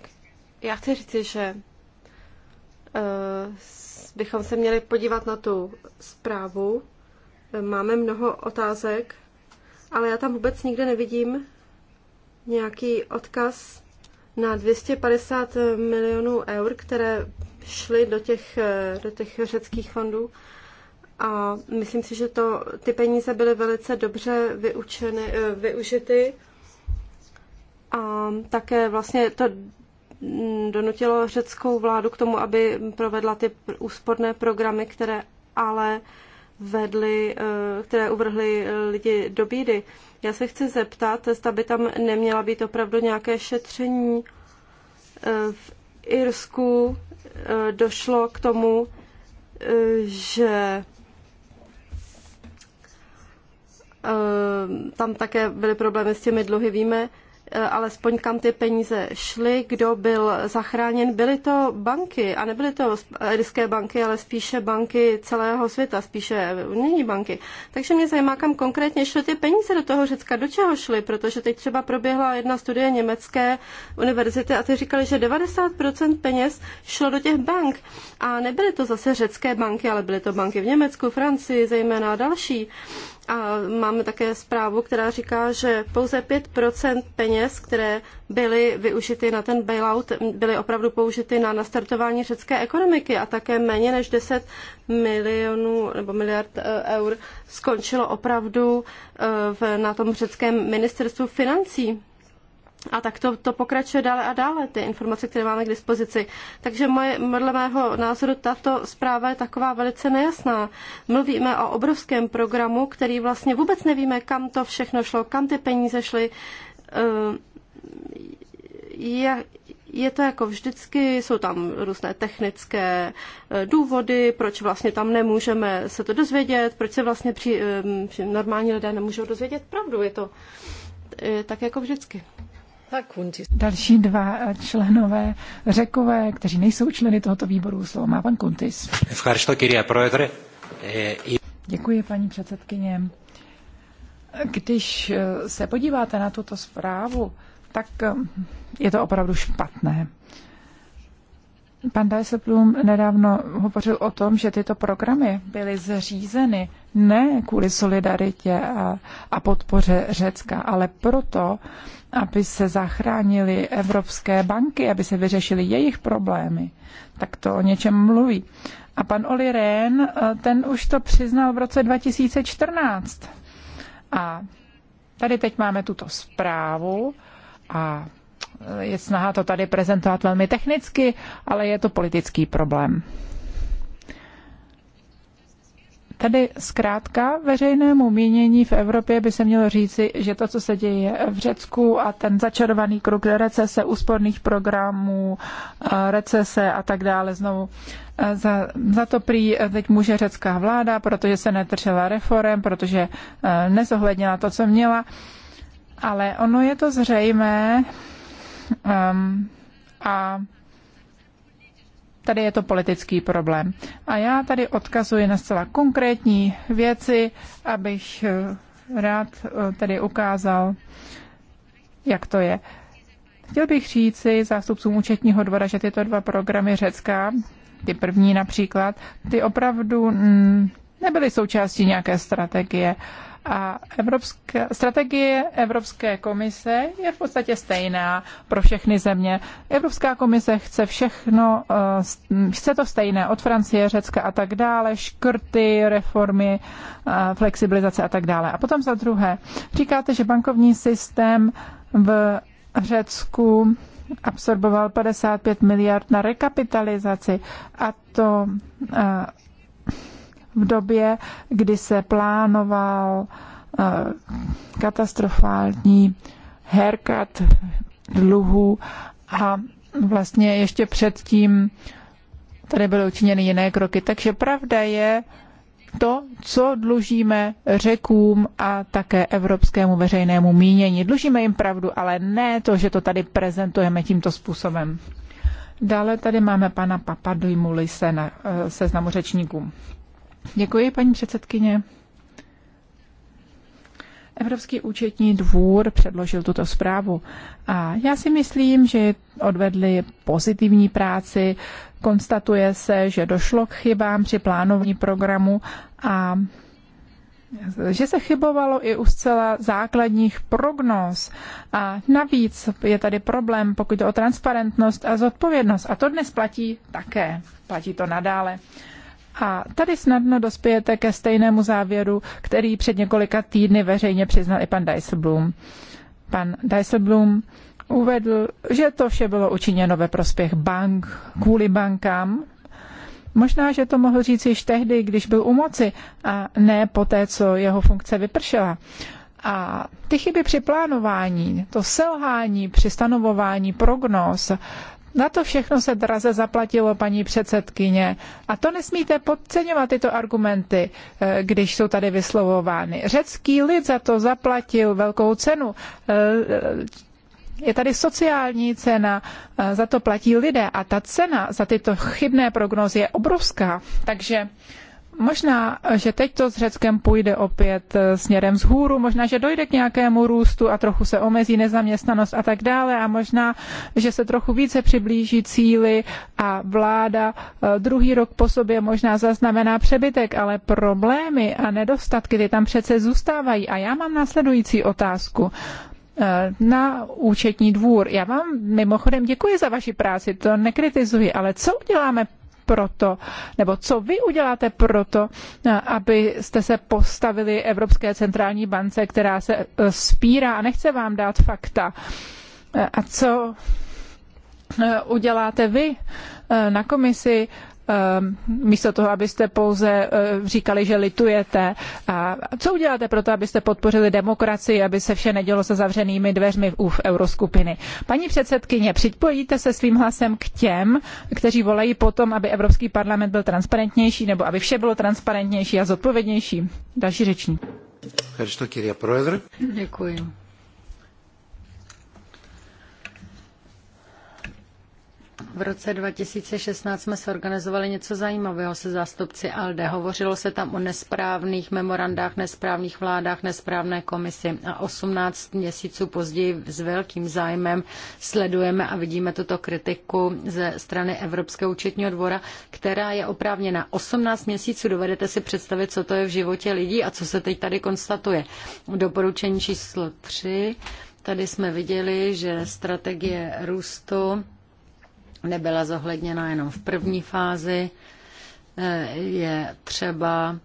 já chci říct, že uh, bychom se měli podívat na tu zprávu. Máme mnoho otázek, ale já tam vůbec nikde nevidím nějaký odkaz na 250 milionů eur, které šly do těch, do těch řeckých fondů. A myslím si, že to, ty peníze byly velice dobře vyučeny, eh, využity. A také vlastně to donutilo řeckou vládu k tomu, aby provedla ty úsporné programy, které ale vedly, eh, které uvrhly eh, lidi do bídy. Já se chci zeptat, zda by tam neměla být opravdu nějaké šetření. Eh, v Irsku došlo k tomu, že tam také byly problémy s těmi dluhy. Víme, Eh, alespoň kam ty peníze šly, kdo byl zachráněn. Byly to banky, a nebyly to irské banky, ale spíše banky celého světa, spíše unijní banky. Takže mě zajímá, kam konkrétně šly ty peníze do toho Řecka, do čeho šly, protože teď třeba proběhla jedna studie německé univerzity a ty říkali, že 90% peněz šlo do těch bank. A nebyly to zase řecké banky, ale byly to banky v Německu, Francii, zejména další. A máme také zprávu, která říká, že pouze 5% peněz peněz, které byly využity na ten bailout, byly opravdu použity na nastartování řecké ekonomiky a také méně než 10 milionů nebo miliard eh, eur skončilo opravdu eh, v, na tom řeckém ministerstvu financí. A tak to, to pokračuje dále a dále, ty informace, které máme k dispozici. Takže moje, podle mého názoru tato zpráva je taková velice nejasná. Mluvíme o obrovském programu, který vlastně vůbec nevíme, kam to všechno šlo, kam ty peníze šly, Eh, je, je to jako vždycky, jsou tam různé technické eh, důvody, proč vlastně tam nemůžeme se to dozvědět, proč se vlastně při, eh, normální lidé nemůžou dozvědět pravdu. Je to je tak jako vždycky. Další dva členové řekové, kteří nejsou členy tohoto výboru, slovo má pan Kuntis. Děkuji, paní předsedkyně. Když eh, se podíváte na tuto zprávu, tak eh, je to opravdu špatné. Pan Dijsselbloem nedávno hovořil o tom, že tyto programy byly zřízeny ne kvůli solidaritě a, a podpoře Řecka, ale proto, aby se zachránili evropské banky, aby se vyřešily jejich problémy. Tak to o něčem mluví. A pan Oli Rehn, eh, ten už to přiznal v roce 2014 a tady teď máme tuto zprávu a e, je snaha to tady prezentovat velmi technicky, ale je to politický problém. Tady zkrátka veřejnému mínění v Evropě by se mělo říci, že to, co se děje v Řecku a ten začarovaný kruh recese, úsporných programů, eh, recese a tak dále znovu. Eh, za, za to prý eh, teď může řecká vláda, protože se netržela reform, protože nezohlednila to, co měla. Ale ono je to zřejmé um, a Tady je to politický problém. A já tady odkazuji na zcela konkrétní věci, abych eh, rád eh, tady ukázal, jak to je. Chtěl bych říci zástupcům účetního dvora, že tyto dva programy Řecka, ty první například, ty opravdu mm, nebyly součástí nějaké strategie. A evropská, strategie Evropské komise je v podstatě stejná pro všechny země. Evropská komise chce všechno, eh, chce to stejné od Francie, Řecka a tak dále, škrty, reformy, eh, flexibilizace a tak dále. A potom za druhé, říkáte, že bankovní systém v Řecku absorboval 55 miliard na rekapitalizaci a to eh, v době, kdy se plánoval eh, katastrofální herkat dluhů a vlastně ještě předtím tady byly učiněny jiné kroky. Takže pravda je to, co dlužíme řekům a také evropskému veřejnému mínění. Dlužíme jim pravdu, ale ne to, že to tady prezentujeme tímto způsobem. Dále tady máme pana Papadujmulise na eh, seznamu řečníků. Děkuji, paní předsedkyně. Evropský účetní dvůr předložil tuto zprávu a já si myslím, že odvedli pozitivní práci. Konstatuje se, že došlo k chybám při plánování programu a že se chybovalo i u zcela základních prognóz. A navíc je tady problém, pokud jde o transparentnost a zodpovědnost. A to dnes platí také. Platí to nadále. A tady snadno dospějete ke stejnému závěru, který před několika týdny veřejně přiznal i pan Dijsselblum. Pan Dijsselblum uvedl, že to vše bylo učiněno ve prospěch bank, kvůli bankám. Možná, že to mohl říct již tehdy, když byl u moci a ne poté, co jeho funkce vypršela. A ty chyby při plánování, to selhání při stanovování prognóz, na to všechno se draze zaplatilo, paní předsedkyně. A to nesmíte podceňovat tyto argumenty, eh, když jsou tady vyslovovány. Řecký lid za to zaplatil velkou cenu. Eh, je tady sociální cena, eh, za to platí lidé a ta cena za tyto chybné prognózy je obrovská. Takže Možná, že teď to s Řeckem půjde opět eh, směrem vzhůru, možná, že dojde k nějakému růstu a trochu se omezí nezaměstnanost a tak dále a možná, že se trochu více přiblíží cíly a vláda eh, druhý rok po sobě možná zaznamená přebytek, ale problémy a nedostatky ty tam přece zůstávají. A já mám následující otázku eh, na účetní dvůr. Já vám mimochodem děkuji za vaši práci, to nekritizuji, ale co uděláme proto, nebo co vy uděláte proto, abyste se postavili Evropské centrální bance, která se e, spírá a nechce vám dát fakta. E, a co e, uděláte vy na komisi, Ehm, místo toho, abyste pouze eh, říkali, že litujete. A co uděláte pro to, abyste podpořili demokracii, aby se vše nedělo se zavřenými dveřmi u euroskupiny? Paní předsedkyně, připojíte se svým hlasem k těm, kteří volají potom, aby Evropský parlament byl transparentnější, nebo aby vše bylo transparentnější a zodpovědnější? Další řečník. Děkuji. V roce 2016 jsme organizovali něco zajímavého se zástupci ALDE. Hovořilo se tam o nesprávných memorandách, nesprávných vládách, nesprávné komisi. A 18 měsíců později s velkým zájmem sledujeme a vidíme tuto kritiku ze strany Evropského účetního dvora, která je oprávněna. 18 měsíců dovedete si představit, co to je v životě lidí a co se teď tady konstatuje. Doporučení číslo 3. Tady jsme viděli, že strategie růstu nebyla zohledněna jenom v první fázi. Eh, Je třeba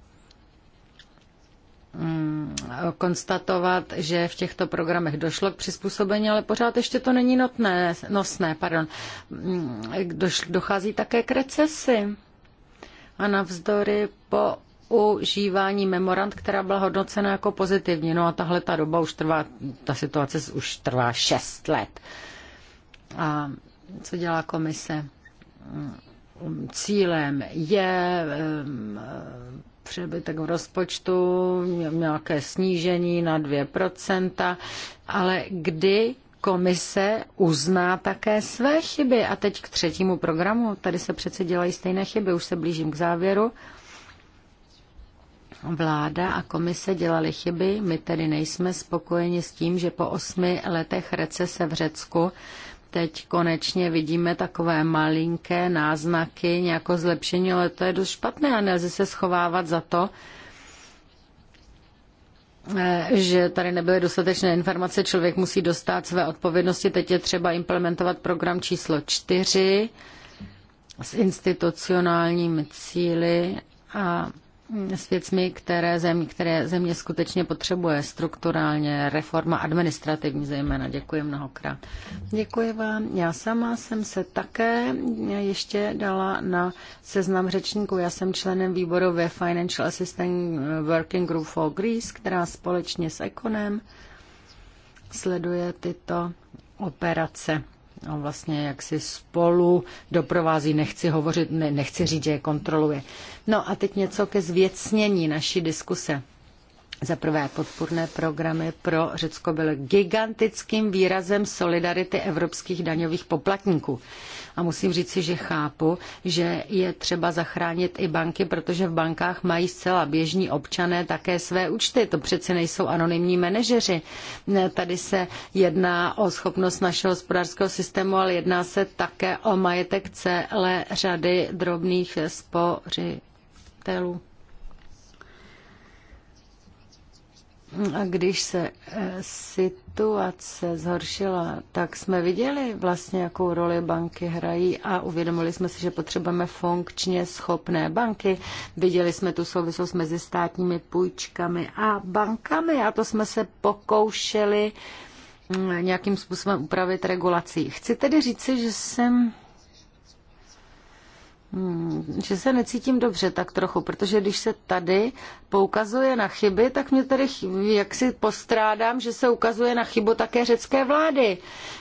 mm, konstatovat, že v těchto programech došlo k přizpůsobení, ale pořád ještě to není notné, nosné. Pardon. Mm, dochází také k recesi. A navzdory po užívání memorand, která byla hodnocena jako pozitivní. No a tahle ta doba už trvá, ta situace už trvá šest let. A co dělá komise? Mm, cílem je mm, přebytek v rozpočtu, nějaké snížení na 2%, ale kdy komise uzná také své chyby. A teď k třetímu programu, tady se přece dělají stejné chyby, už se blížím k závěru. Vláda a komise dělaly chyby, my tedy nejsme spokojeni s tím, že po osmi letech recese v Řecku teď konečně vidíme takové malinké náznaky nějakého zlepšení, ale to je dost špatné a nelze se schovávat za to, eh, že tady nebyly dostatečné informace, člověk musí dostat své odpovědnosti. Teď je třeba implementovat program číslo čtyři s institucionálními cíly a s věcmi, které země, které země skutečně potřebuje strukturálně, reforma administrativní zejména. Děkuji mnohokrát. Děkuji vám. Já sama jsem se také ještě dala na seznam řečníků. Já jsem členem výboru ve Financial Assistant Working Group for Greece, která společně s Ekonem sleduje tyto operace vlastně jak si spolu doprovází, nechci hovořit, ne, nechci říct, že je kontroluje. No a teď něco ke zvěcnění naší diskuse. Za prvé, podpůrné programy pro Řecko byly gigantickým výrazem solidarity evropských daňových poplatníků. A musím říci, že chápu, že je třeba zachránit i banky, protože v bankách mají zcela běžní občané také své účty. To přece nejsou anonymní manažeři. Tady se jedná o schopnost našeho hospodářského systému, ale jedná se také o majetek celé řady drobných spořitelů. A když se eh, si situace zhoršila, tak jsme viděli vlastně, jakou roli banky hrají a uvědomili jsme si, že potřebujeme funkčně schopné banky. Viděli jsme tu souvislost mezi státními půjčkami a bankami a to jsme se pokoušeli mm, nějakým způsobem upravit regulací. Chci tedy říci, že jsem Hmm, že se necítím dobře tak trochu, protože když se tady poukazuje na chyby, tak mě tady jaksi postrádám, že se ukazuje na chybu také řecké vlády,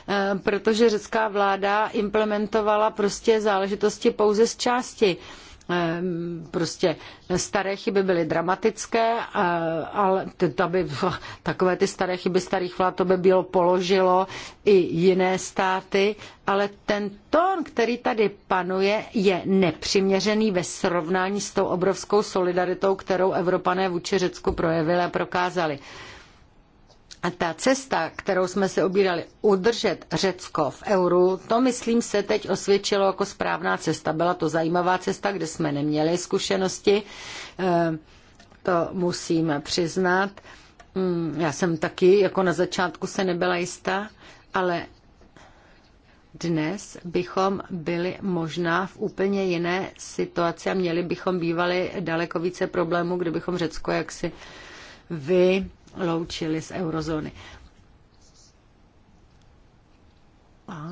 eh, protože řecká vláda implementovala prostě záležitosti pouze z části. Ehm, prostě staré chyby byly dramatické, ale to by, *laughs* takové ty staré chyby starých vlád, to by bylo položilo i jiné státy, ale ten tón, který tady panuje, je nepřiměřený ve srovnání s tou obrovskou solidaritou, kterou Evropané vůči Řecku projevili a prokázali. A ta cesta, kterou jsme se obírali, udržet Řecko v euru, to myslím se teď osvědčilo jako správná cesta. Byla to zajímavá cesta, kde jsme neměli zkušenosti, eh, to musím přiznat. Mm, já jsem taky, jako na začátku se nebyla jistá, ale dnes bychom byli možná v úplně jiné situaci a měli bychom bývali daleko více problémů, kdybychom Řecko jaksi vy loučili z eurozóny. A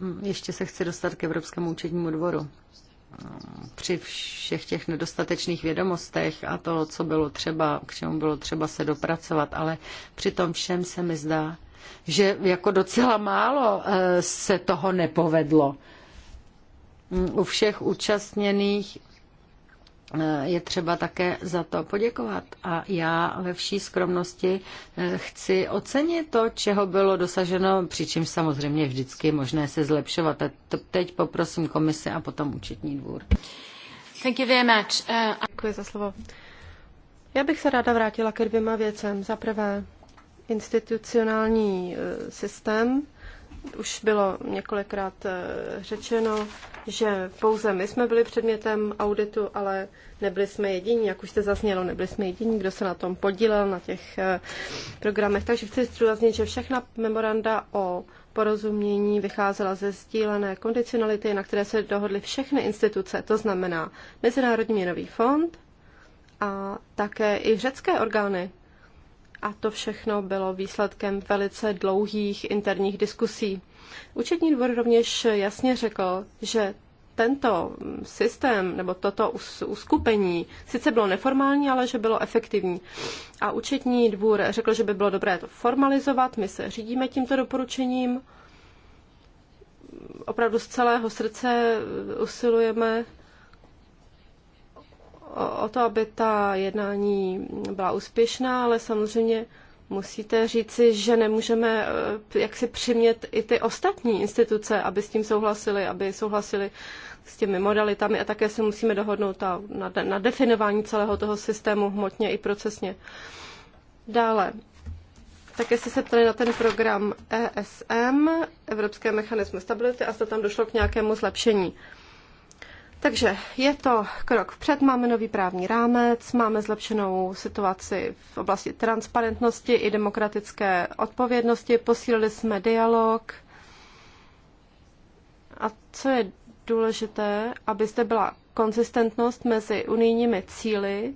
hm, ještě se chci dostat k Evropskému účetnímu dvoru. Při všech těch nedostatečných vědomostech a to, co bylo třeba, k čemu bylo třeba se dopracovat, ale při tom všem se mi zdá, že jako docela málo eh, se toho nepovedlo. U všech účastněných Eh, je třeba také za to poděkovat. A já ve vší skromnosti eh, chci ocenit to, čeho bylo dosaženo, přičemž samozřejmě vždycky možné se zlepšovat. A teď poprosím komisi a potom účetní dvůr. Thank you very much. Uh, Děkuji za slovo. Já bych se ráda vrátila ke dvěma věcem. Za prvé, institucionální systém už bylo několikrát eh, řečeno, že pouze my jsme byli předmětem auditu, ale nebyli jsme jediní, jak už jste zaznělo, nebyli jsme jediní, kdo se na tom podílel, na těch eh, programech. Takže chci zdůraznit, že všechna memoranda o porozumění vycházela ze sdílené kondicionality, na které se dohodly všechny instituce, to znamená Mezinárodní měnový fond a také i řecké orgány, a to všechno bylo výsledkem velice dlouhých interních diskusí. Účetní dvor rovněž jasně řekl, že tento systém nebo toto uskupení sice bylo neformální, ale že bylo efektivní. A účetní dvůr řekl, že by bylo dobré to formalizovat, my se řídíme tímto doporučením, opravdu z celého srdce usilujeme o to, aby ta jednání byla úspěšná, ale samozřejmě musíte říci, že nemůžeme eh, jak si přimět i ty ostatní instituce, aby s tím souhlasili, aby souhlasili s těmi modalitami a také se musíme dohodnout na, na definování celého toho systému hmotně i procesně. Dále, také se ptali na ten program ESM, Evropské mechanismy stability, a zda tam došlo k nějakému zlepšení. Takže je to krok vpřed, máme nový právní rámec, máme zlepšenou situaci v oblasti transparentnosti i demokratické odpovědnosti, posílili jsme dialog. A co je důležité, aby zde byla konzistentnost mezi unijními cíly.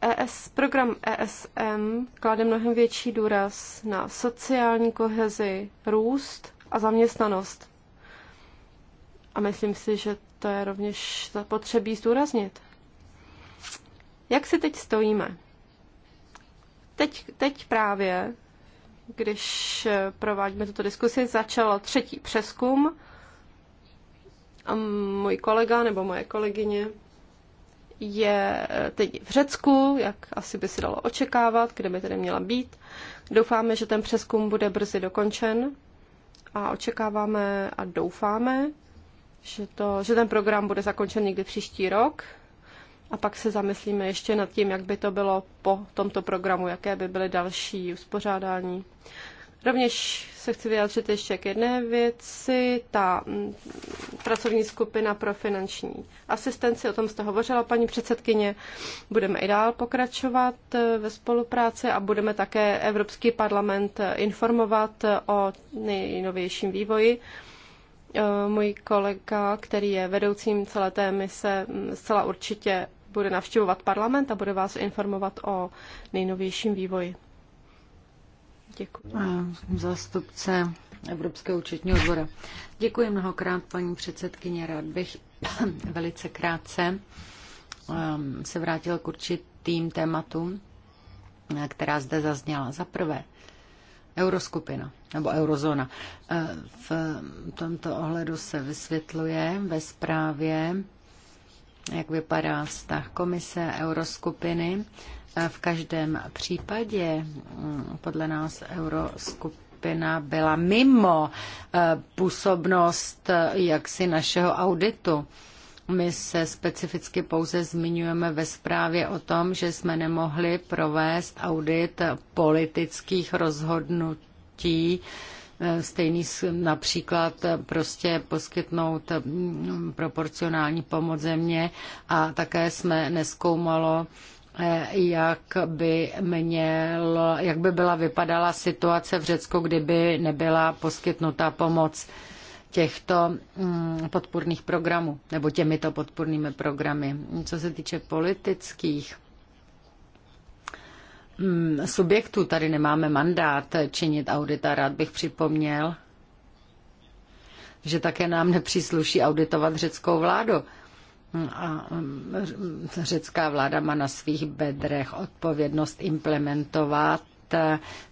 ES, program ESM klade mnohem větší důraz na sociální kohezi, růst a zaměstnanost. A myslím si, že to je rovněž zapotřebí zdůraznit. Jak si teď stojíme? Teď, teď právě, když provádíme tuto diskusi, začal třetí přeskum a můj kolega nebo moje kolegyně je teď v Řecku, jak asi by se dalo očekávat, kde by tedy měla být. Doufáme, že ten přeskum bude brzy dokončen a očekáváme a doufáme, že, to, že ten program bude zakončen někdy příští rok a pak se zamyslíme ještě nad tím, jak by to bylo po tomto programu, jaké by byly další uspořádání. Rovněž se chci vyjádřit ještě k jedné věci. Ta mm, pracovní skupina pro finanční asistenci, o tom jste hovořila, paní předsedkyně, budeme i dál pokračovat eh, ve spolupráci a budeme také Evropský parlament informovat o nejnovějším vývoji. Eh, můj kolega, který je vedoucím celé té mise, mm, zcela určitě bude navštěvovat parlament a bude vás informovat o nejnovějším vývoji. Děkuji. Zástupce Evropského účetního dvora. Děkuji mnohokrát, paní předsedkyně. Rád bych *clears throat* velice krátce ehm, se vrátil k určitým tématům, která zde zazněla. Za prvé, euroskupina nebo eurozóna. E, v tomto ohledu se vysvětluje ve zprávě, jak vypadá vztah komise euroskupiny. E, v každém případě mm, podle nás euroskupina byla mimo e, působnost jaksi našeho auditu. My se specificky pouze zmiňujeme ve zprávě o tom, že jsme nemohli provést audit politických rozhodnutí rozhodnutí, eh, stejný například eh, prostě poskytnout eh, mm, proporcionální pomoc země a také jsme neskoumalo, jak by, měl, jak by byla vypadala situace v Řecku, kdyby nebyla poskytnuta pomoc těchto mm, podpůrných programů, nebo těmito podpůrnými programy. Co se týče politických Mm, subjektů. Tady nemáme mandát činit audita. Rád bych připomněl, že také nám nepřísluší auditovat řeckou vládu. A mm, řecká vláda má na svých bedrech odpovědnost implementovat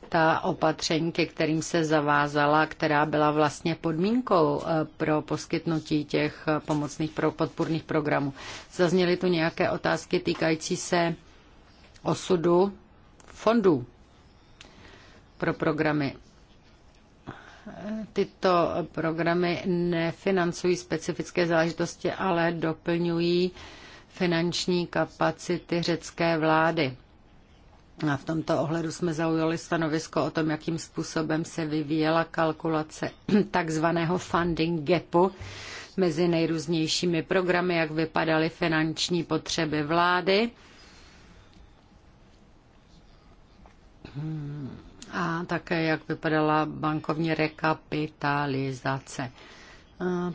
ta opatření, ke kterým se zavázala, která byla vlastně podmínkou eh, pro poskytnutí těch eh, pomocných pro podpůrných programů. Zazněly tu nějaké otázky týkající se osudu fondů pro programy. Tyto programy nefinancují specifické záležitosti, ale doplňují finanční kapacity řecké vlády. A v tomto ohledu jsme zaujali stanovisko o tom, jakým způsobem se vyvíjela kalkulace *clears throat* takzvaného funding gapu mezi nejrůznějšími programy, jak vypadaly finanční potřeby vlády a také jak vypadala bankovní rekapitalizace.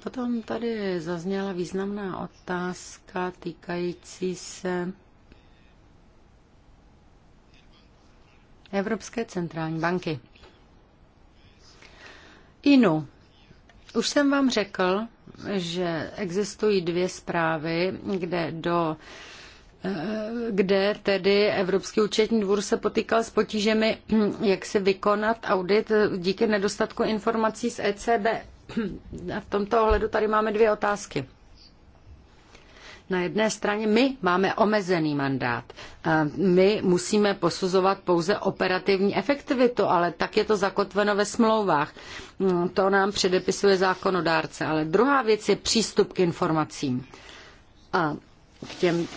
Potom tady zazněla významná otázka týkající se Evropské centrální banky. Inu, už jsem vám řekl, že existují dvě zprávy, kde do uh, kde tedy Evropský účetní dvůr se potýkal s potížemi, *clears throat* jak si vykonat audit díky nedostatku informací z ECB. A v tomto ohledu tady máme dvě otázky. Na jedné straně my máme omezený mandát. My musíme posuzovat pouze operativní efektivitu, ale tak je to zakotveno ve smlouvách. Mm, to nám předepisuje zákonodárce. Ale druhá věc je přístup k informacím. A k těm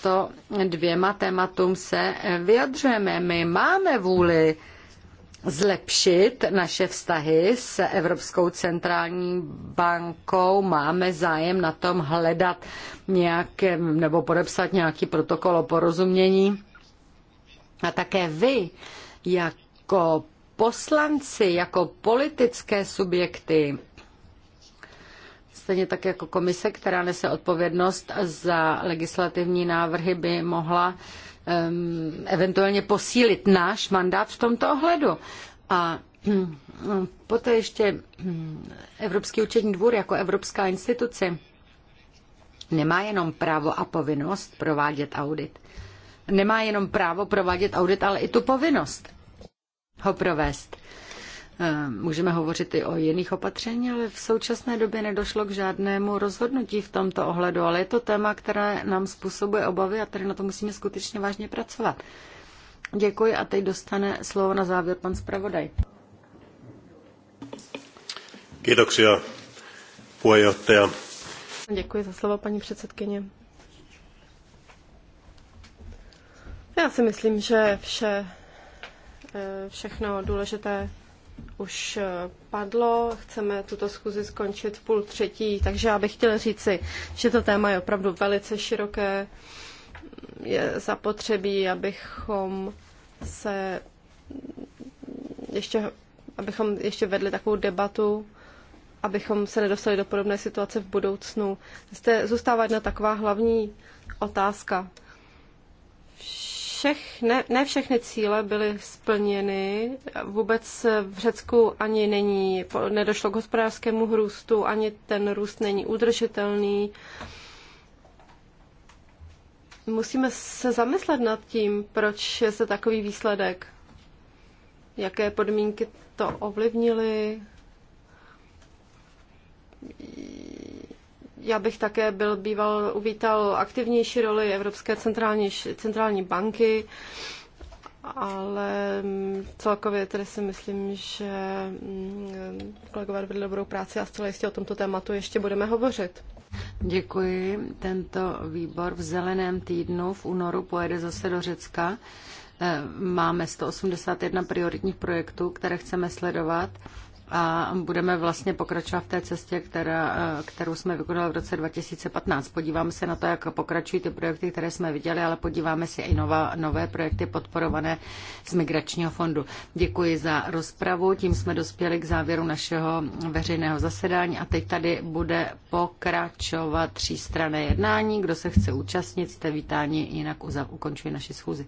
těmto dvěma tématům se vyjadřujeme. My máme vůli zlepšit naše vztahy s Evropskou centrální bankou. Máme zájem na tom hledat nějaké, nebo podepsat nějaký protokol o porozumění. A také vy, jako poslanci, jako politické subjekty, stejně tak jako komise, která nese odpovědnost za legislativní návrhy, by mohla um, eventuálně posílit náš mandát v tomto ohledu. A hm, poté ještě hm, Evropský účetní dvůr jako evropská instituce nemá jenom právo a povinnost provádět audit. Nemá jenom právo provádět audit, ale i tu povinnost ho provést. Eh, můžeme hovořit i o jiných opatření, ale v současné době nedošlo k žádnému rozhodnutí v tomto ohledu, ale je to téma, které nám způsobuje obavy a tady na to musíme skutečně vážně pracovat. Děkuji a teď dostane slovo na závěr pan zpravodaj. Kiitoksia, puheenjohtaja. Děkuji za slovo, paní předsedkyně. Já si myslím, že vše, eh, všechno důležité už eh, padlo, chceme tuto schůzi skončit v půl třetí, takže já bych chtěla říci, že to téma je opravdu velice široké, je zapotřebí, abychom se ještě, abychom ještě vedli takovou debatu, abychom se nedostali do podobné situace v budoucnu. Zde zůstává jedna taková hlavní otázka všech, ne, ne všechny cíle byly splněny. Vůbec v Řecku ani není, nedošlo k hospodářskému růstu, ani ten růst není udržitelný. Musíme se zamyslet nad tím, proč je se takový výsledek. Jaké podmínky to ovlivnily? já bych také byl býval, uvítal aktivnější roli Evropské centrální, centrální banky, ale mm, celkově tedy si myslím, že mm, kolegové vedli dobrou práci a zcela jistě o tomto tématu ještě budeme hovořit. Děkuji. Tento výbor v zeleném týdnu v únoru pojede zase do Řecka. E, máme 181 prioritních projektů, které chceme sledovat a budeme vlastně pokračovat v té cestě, která, eh, kterou jsme vykonali v roce 2015. Podíváme se na to, jak pokračují ty projekty, které jsme viděli, ale podíváme se i nová, nové projekty podporované z Migračního fondu. Děkuji za rozpravu, tím jsme dospěli k závěru našeho veřejného zasedání a teď tady bude pokračovat třístrané jednání. Kdo se chce účastnit, jste vítáni, jinak ukončuji naši schůzi.